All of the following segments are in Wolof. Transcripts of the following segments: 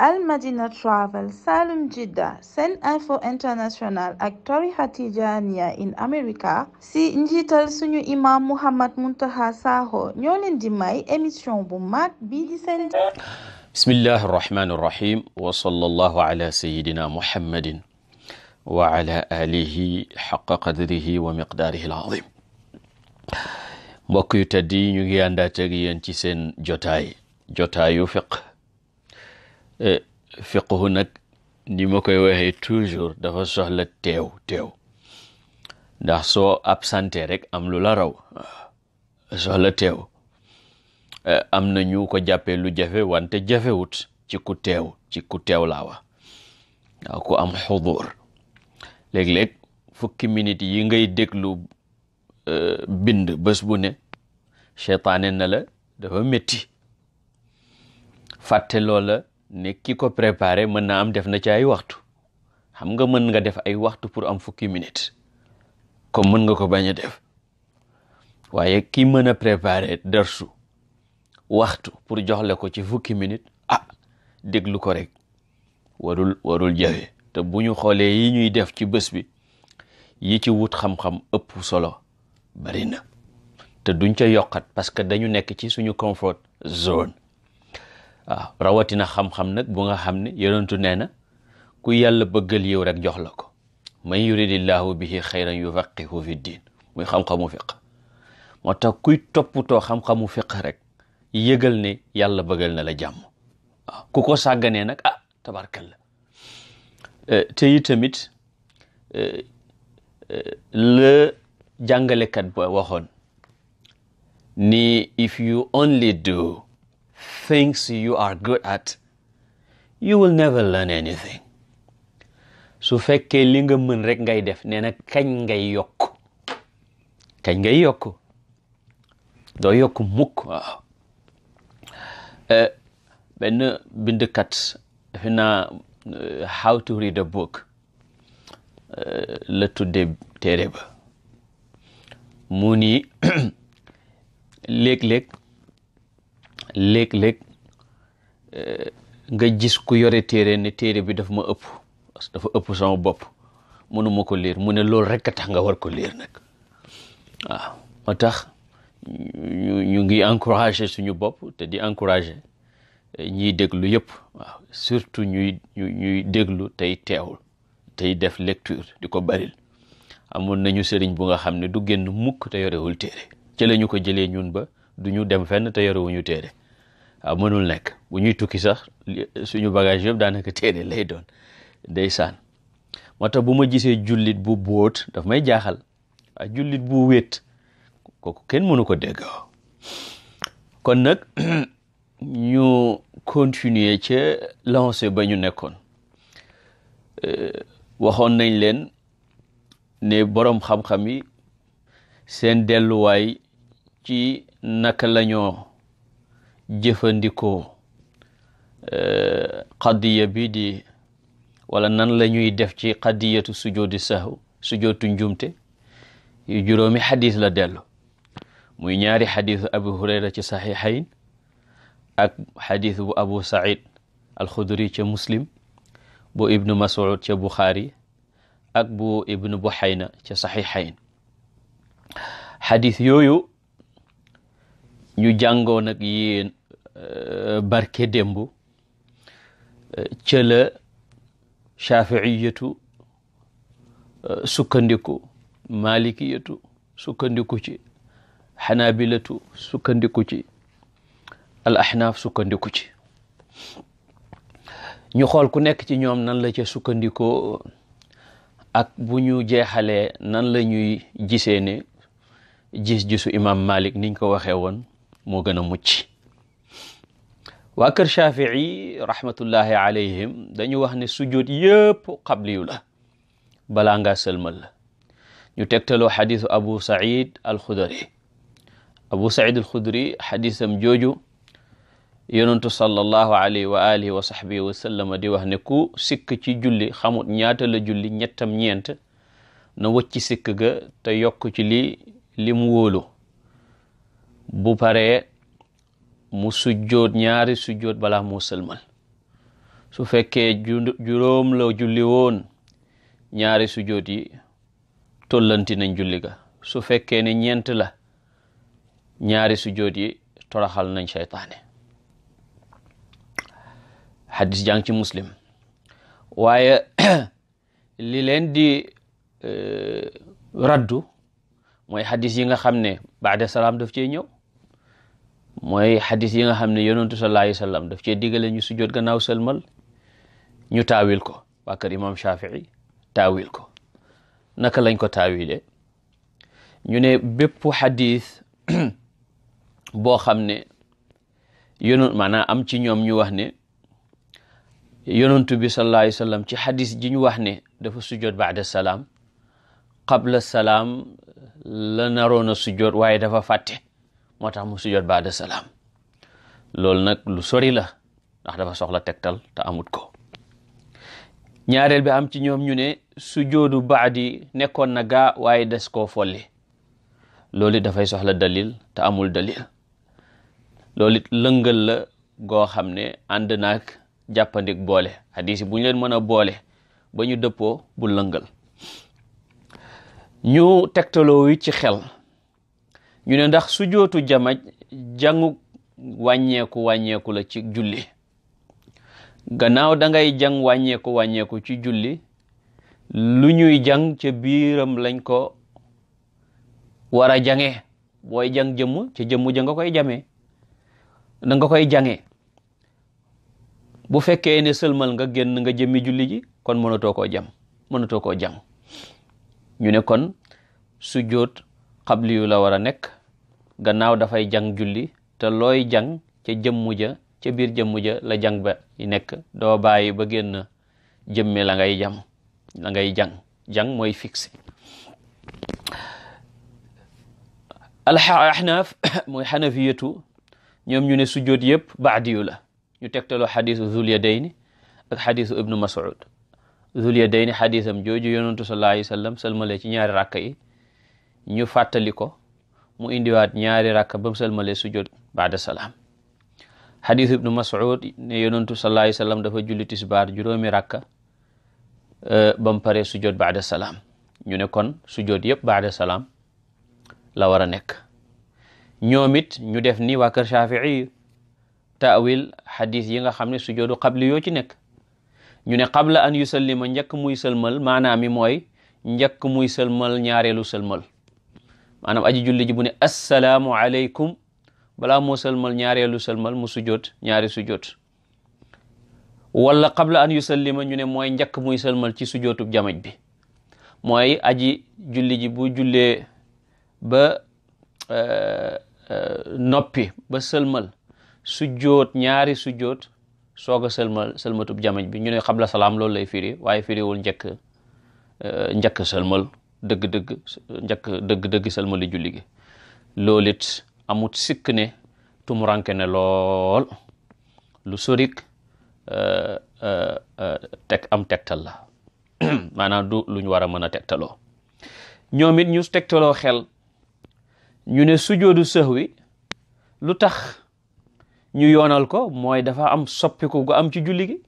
Al Madina Travel Salum Jidda SeneInfo International ak tarixa Tijaaniya in America si njiital suñu imam Mouhammad Muntaqa Sakho ñoo leen di may émission bu mag bii di seen bismillahi arrahmani irrahim wa sallallahu ala sayidina muhammadin wa ala alihi xaqa qadrihi wa miqdaarihi alazim mbokk yu tedd yi ñu ngi àndaat ak yéen ci seen jotaay jotaayu fiq Eh, fiqhu nag ni ma koy waxee toujours dafa soxla teew teew ndax soo absenté rek am lu laraw soxla teew eh, am na ñu ko jàppee lu jafe wante jafewut ci teew ci ku teew laa wax ku am xudur léeg-léeg fukki minute yi ngay déglu eh, bind bés bu ne seytaane na la dafa métti fàtte loola ne ki ko préparer mën na am def na ci ay waxtu xam nga mën nga def ay waxtu pour am fukki minute comme mën nga ko bañ a def waaye ki mën a préparé darsu waxtu pour jox la ko ci fukki minute ah déglu ko rek warul warul jafe te bu ñu xoolee yi ñuy def ci bés bi yi ci wut xam-xam ëpp solo bari na te duñ ca yokkat parce que dañu nekk ci suñu comfort zone waaw rawatina xam-xam nag bu nga xam ne yonentu nee na ku yàlla bëggal yiw rek jox la ko man yuridillahu bihi xayran yufaqihu fi diin muy xam-xamu fiq moo tax kuy toppatoo xam-xamu fiq rek yëgal ni yàlla bëggal na la jàmm ku ko sàgganee nag ah tabarkalla eh, tamit eh, eh, la jàngalekat ba waxoon ni if you only do things you are good at you will never learn anything su fekkee li nga mën rek ngay def nee na kañ ngay yokk kañ ngay yokku doo yokk mukk waaw eh, benn bindkat defe naa eh, how to read a book eh, la tudde téere ba mu ni léeg-léeg léeg-léeg nga gis ku yore téere ne téere bi dafa ma ëpp dafa ëpp sama bopp mënuma ko liir mu ne loolu rek tax nga war ko liir nag waaw moo tax ñu ngi encouragé suñu bopp te di encouragé ñiy déglu yëpp waaw surtout ñuy ñuy déglu tey teewul tey def lecture di ko baril amoon nañu sëriñ bu nga xam ne du génn mukk te yorewul téere ci la ñu ko jëlee ñun ba du ñu dem fenn te ñu téere a ah, mënul nekk bu ñuy tukki sax suñu bagage yëpp daanaka téere lay doon ndeysaan moo tax bu ma gisee jullit bu bóot daf may jaaxal waaye ah, jullit bu wéet kooku kenn mënu ko dégg kon nag ñu continuer ca lancé ba ñu nekkoon eh, waxoon nañ leen ne boroom xam-xam yi seen delluwaay ci naka lañoo jëfandikoo euh, qadiya bi wala nan la ñuy def ci qadiyatu sujudi sahw sujootu njumte yu juróomi xadis la dellu muy ñaari xadisu abu hurayra ci saxiixayn ak xadis bu abu said alxudri ca muslim bu ibnu masud ca buxaari ak bu ibnu buxayna ca saxiixayn xadis ñu jàngoo nag yéen euh, barke démb euh, ca la shafiiyatu euh, sukkandiku malikiyatu sukkandiku ci xanabilatu sukkandiku ci al sukkandiku ci ñu xool ku nekk ci ñoom nan la ci sukkandikoo ak bu ñu jeexalee nan la ñuy gisee ne gis-gisu imam malik niñ ko waxe woon moo gën a mucc waa kër Shafii rahmatullahi alayhim dañu wax ne sujjoot yëpp qabliyu la balaa nga sëlmal ñu tegtaloo xadisu Abu Saïd al Abu Saïd al-Khudri xadisam jooju yonentu sallallahu alayhi wa wa sahbihi di wax ne ku sikk ci julli xamut ñaata la julli ñettam ñeent na wëcc sikk ga te yokk ci li mu wóolu bu paree mu sujjoot ñaari sujjoot bala mu sëlmal su fekkee juróom la julli woon ñaari sujjoot yi tollanti nañ julli ga su fekkee ne ñeent la ñaari sujjoot yi toraxal nañ seytaane xadis jàng ci muslim waaye li leen di eh, raddu mooy xadis yi nga xam ne baada salaam daf cee ñëw mooy xadis yi nga xam ne yonentu sallallahu alayhi sallam daf cee digale ñu sujjoot gannaaw sëlmal ñu taawil ko waa kër imam Shafii taawil ko naka lañ ko taawile ñu ne bépp xadis boo xam ne yonent maanaam am ci ñoom ñu wax ne yonentu bi sallallahu alayhi sallam ci xadis ji ñu wax ne dafa sujjoot baada salaam qabla salaam la naroon a sujjoot waaye dafa fàtte moo tax mu sujjoot baada salaam loolu nag lu sori la ndax dafa soxla tegtal te amut ko ñaareel bi am ci ñoom ñu ne sujjoodu baadi nekkoon na gaa waaye des koo folli loolu dafay soxla dalil te amul dalil loolu it lëngal la goo xam ne ànd naag jàppandik boole hadis yi bu ñu leen mën a boole ba ñu dëppoo bu lëngal ñu tegtaloo yi ci xel ñu ne ndax sujootu jamaj jàngu wàññeeku wàññeeku la ci julli gannaaw dangay ngay jàng wàññeeku wàññeeku ci julli lu ñuy jàng ca biiram lañ ko wara a jange booy jàng jëmm ca jëmm ja nga koy jamee da koy jange bu fekkee ne sëlmal nga génn nga jëmmi julli ji kon mënatoo koo jam mënatoo koo jàng ñu ne kon sujjóot xabli yu la war a nekk gannaaw dafay jang julli te looy jàng ca jëmmu ja ca biir jëmmu ja la jàng ba yi nekk doo bàyyi ba génn jëmme la ngay jam la ngay jàng jàng mooy fixé alaxnaaf mooy xanafiyatu ñoom ñu ne sujjóot yëpp baadiyu la ñu tegtaloo xadisu zul yadayni ak xadisu ibnu masud zul yadayni xadisam jooju yonentu sallallahu alayhi wa sallam ci ñaari ràkk yi ñu fàttali ko mu indiwaat ñaari rakka ba mu sëlmale sujjoot baada salaam xadiis ibnu Mas'ud ne yonentu sallallahu alayhi wa dafa julli tisbaar juróomi rakka euh, ba mu paree sujjoot baada salaam ñu ne kon sujjoot yëpp baada salaam la war a nekk ñoom it ñu def ni waa kër Shaafi'i taawil xadiis yi nga xam ne sujjoodu qabli yoo ci nekk ñu ne qabla an yusallima njëkk muy sëlmal maanaam mi mooy njëkk muy sëlmal ñaareelu sëlmal maanaam aji julli bu ne assalaamu aleykum balaa moo salmal ñaareelu salmal mu sujjoot ñaari sujjoot wala qabla an yusallima ñu ne mooy njëkk muy salmal ci sujjootub jamaj bi mooy aji julli ji bu jullee ba eh, eh, noppi ba sëlmal sujjoot ñaari sujjoot soog a sëlmal sëlmatub jamaj bi ñu ne qabla salaam loolu lay firi waaye wul njëkk eh, njëkk sëlmal dëgg-dëgg njëkk dëgg-dëgg salmali julli gi loolu it amut sikk ne tumuranke ne lool lu sorik euh, euh, euh, teg am tegtal la maanaam du lu ñu war a mën a tegtaloo ñoom it ñu tegtaloo xel ñu ne sujoodu sahwi lu tax ñu yoonal ko mooy dafa am soppiku gu am ci julli gi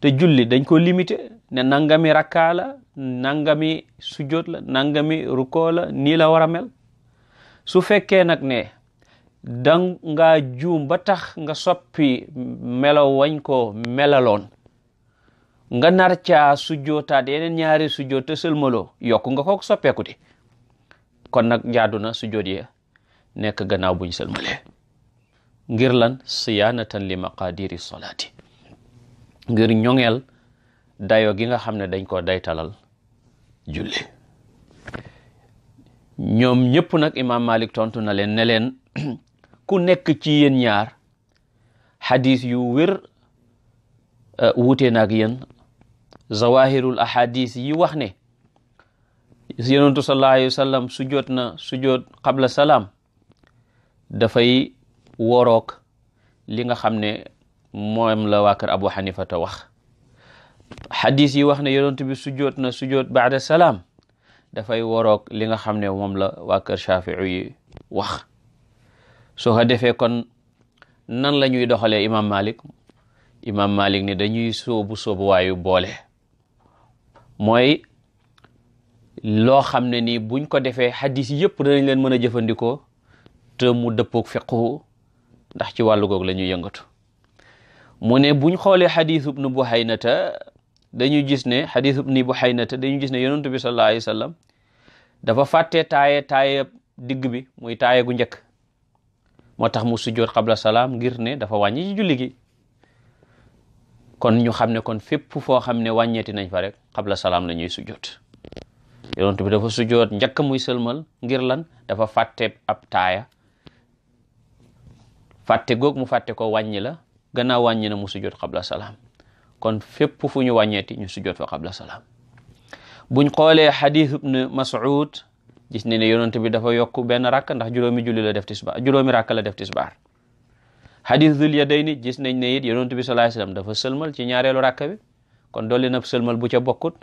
te julli dañ ko limité ne nangami rakkaa nangami sujjoot la nangami rukkoo la nii la war a mel su fekkee nag ne danga juum ba tax nga soppi melo wañ ko melaloon nga nar caa sujjootaat yeneen ñaari sujjoot te sëlmaloo yokku nga ko soppeeku di kon nag jaadu na sujjoot ya nekk gannaaw buñ sëlmalee ngir lan siyaanatan li maqadiri solaati ngir ñoŋeel dayo gi nga xam ne dañ koo daytalal julli ñoom ñépp nag imaam Malik tontu na leen ne leen ku nekk ci yéen ñaar xadis yu wér euh, wuute nak yen zawahirul ahadis yi wax ne yonentu sallallahu alayhi wa sujoot na sujoot qabla salaam dafay worook li nga xam ne moom la waa kër Abu Hanifa ta wax xadis yi wax na yonent bi sujjoot na sujjoot baada salaam dafay waroog li nga xam ne moom la waa kër Shaafi'i yi wax soo ko defee kon nan la ñuy doxalee imam Malik imam Malik ne dañuy sóobu sóobuwaayu boole mooy loo xam ne nii buñ ko defee xadis yëpp danañ leen mën a jëfandikoo te mu dëppoog fiqhu ndax ci wàllu goog la ñuy yëngatu mu ne buñ xoolee xadisu Ibnu Buhaynata dañuy gis ne xadisu ni bu xay na te dañuy gis ne yonent bi sallallahu alayhi sallam dafa fàtte taaye taaye digg bi muy taaye gu njëkk moo tax mu sujjoot qabla salaam ngir ne dafa wàññi ci julli gi kon ñu xam ne kon fépp foo xam ne wàññeeti nañ fa rek qabla salaam la ñuy sujjoot yonent bi dafa sujjoot njëkk muy sëlmal ngir lan dafa fàtte ab taaya fàtte goog mu fàtte ko wàññi la gannaaw wàññi na mu sujjoot qabla salaam kon fépp fu ñu wàññeeti ñu sujjoot fa qabla salaam buñ xoolee xadis ibn Mas'ud gis ne ne yonent bi dafa yokk benn rakk ndax juróomi julli la def tisbaar juróomi rakk la def tisbaar xadis day ni gis nañ ne it yonent bi sallallahu alayhi dafa sëlmal ci ñaareelu rakk bi kon dolli na sëlmal bu ca bokkut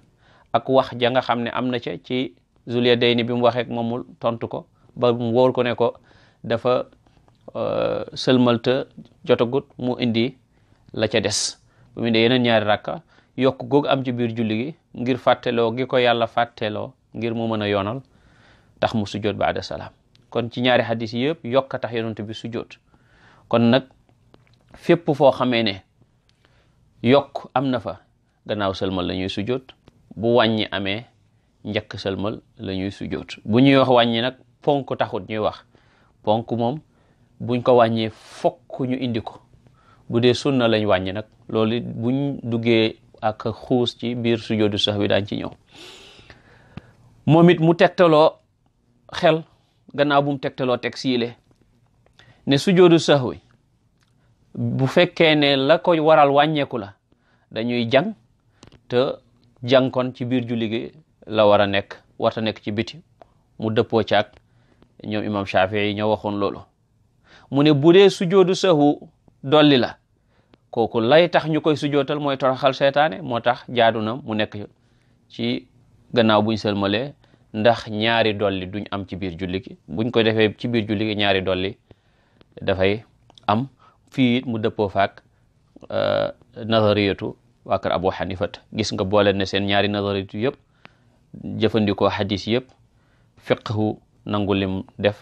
ak wax ja nga xam ne am na ca ci Zul Yadayni bi mu waxeek moomul tontu ko ba mu wóor ko dafa euh, sëlmal te jotagut mu indi la ca des bu mu ne yeneen ñaari rakka yokk googu am ci biir julli gi ngir fàtteloo gi ko yàlla fàtteeloo ngir mu mën a yoonal tax mu sujjoot baada salaam kon ci ñaari xadis yëpp yokk a tax yonent bi sujjoot kon nag fépp foo xamee ne yokk am na fa gannaaw sëlmal la ñuy sujjoot bu wàññi amee njëkk sëlmal la ñuy sujjoot bu ñuy wax wàññi nag ponk taxut ñuy wax ponk moom buñ ko wàññee fokk ñu indi ko bu dee sunna lañ wàññi nag loolu buñ duggee ak xuus ci biir sujoodu sax wi daañ ci ñëw moom it mu tegtaloo xel gannaaw bu mu tegtaloo teg siile ne sujoodu sax wi bu fekkee ne la ko waral wàññeeku la dañuy jang te jàng kon ci biir julli la war a nekk warta nekk ci biti mu dëppoo caag ñoom imam Shafi'i ñoo waxoon loolu mu ne bu dee sujoodu sahu dolli la kooku lay tax ñu koy sujootal mooy toroxal seytaane moo tax jaadu na mu nekk ci gannaaw buñ sëlmalee ndax ñaari dolli duñ am ci biir julli buñ ko defee ci biir julli gi ñaari dolli dafay am fii mu dëppoo faak euh, nazariyatu waa Abu Hanifa gis nga boole ne seen ñaari nazariyatu yëpp jëfandikoo hadis yëpp fiqhu nangu lim def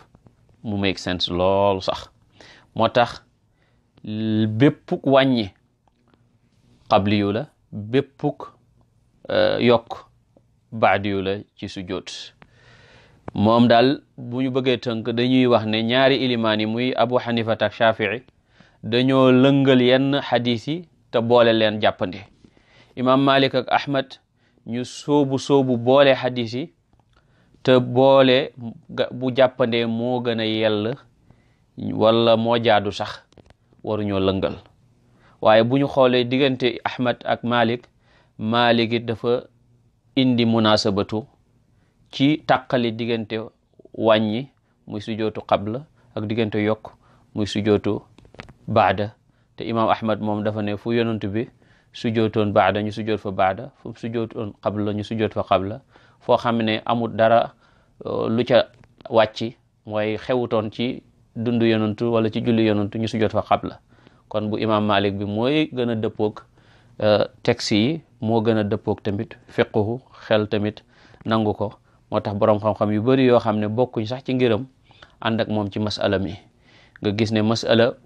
mu make sens lool sax béppuk wàññi qabliyu la béppuk euh, yokk baadiyu la ci sujjoot moom daal bu ñu bëggee tënk dañuy wax ne ñaari ilimaan yi muy abu xanifa ak shafii dañoo lëngal yenn xadis yi te boole leen jàppandi imam malik ak ahmad ñu soobu soobu boole xadis yi boole bu jàppandee moo gën a yell wala moo jaadu sax waruñoo lëngal waaye bu ñu xoolee diggante Ahmad ak Malik Malik it dafa indi munasabatu ci tàqali diggante wàññi muy sujootu qabla ak diggante yokk muy sujootu baada te imam Ahmad moom dafa ne fu yonent bi sujootoon baada ñu sujoot fa baada fu sujootoon qabla ñu sujoot fa qabla foo xam ne amul dara euh, lu ca wàcc mooy xewutoon ci dundu yonantu wala ci julli yonantu ñu sujjoot fa xabla kon bu imaam Malik bi mooy gën a dëppoog euh, texte yi moo gën a dëppoog tamit fiqhu xel tamit nangu ko moo tax borom xam-xam yu bari yoo xam ne bokkuñ sax ci ngiram ànd ak moom ci masala mi nga gis ne masala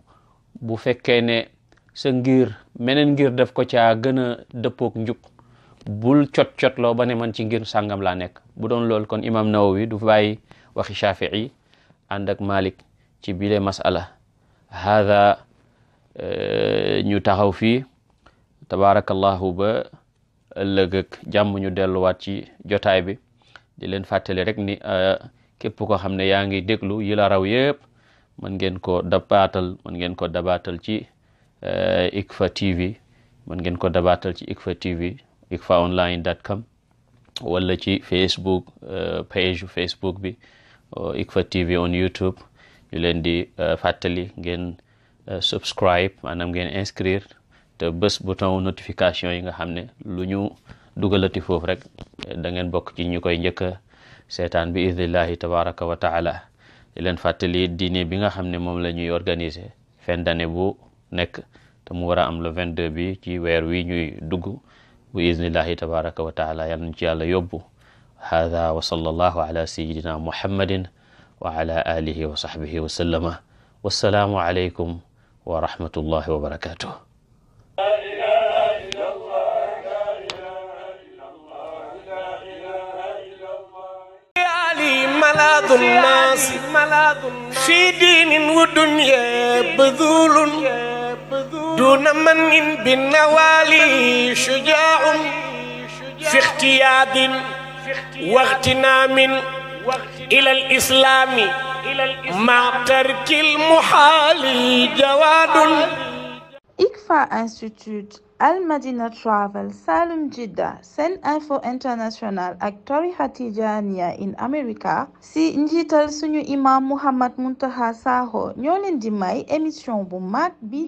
bu fekkee ne sa ngir meneen ngir def ko ca gën a dëppoog njub bul cot cot loo ba ne man ci ngir sàngam laa nekk bu doon lool kon imaam Nawawi du bàyyi waxi Shafii ànd ak Malik ci bile masala haada eh, ñu taxaw fii tabaarakallahu ba ëllëg ak jàmm ñu delluwaat ci jotaay bi di leen fàttali rek ni eh, képp ko xam ne yaa ngi déglu yi la raw mën ngeen ko dabaatal mën ngeen ko dabaatal ci eh, ICFA TV mën ngeen ko dabaatal ci ICFA TV ICFA online dot com wala ci Facebook page Facebook bi ICFA TV on YouTube ñu leen di euh, fàttali ngeen euh, subscribe maanaam ngeen inscrire te bés bouton notification yi nga xam ne lu ñu dugalati foofu rek euh, da ngeen bokk ci ñu koy njëkk a seetaan bi idnillahi tabaraka wa taala di leen fàttali diine bi nga xam ne moom la ñuy organiser fin d'année bu nekk te mu war a am le 22 bi ci weer wi ñuy dugg bu idnillahi tabaraka wa taala yal nañ ci yàlla yóbbu hada wa sallallahu ala sayidina muhammadin wa ala alihi wa sahbihi wa sallama wassalaamu aleykum wa rahmatullahi wa barakatuh ملاذ الناس في دين ودنيا بذول دون من بالنوالي شجاع في اختياد واغتنام إلى الإسلام مع ترك Madina Travel Salum Jidda Sen Info International ak tarixa Tijaaniya in America si njiital suñu imam Mouhamed Muntaha Sakho ñoo di may émission bu mat bi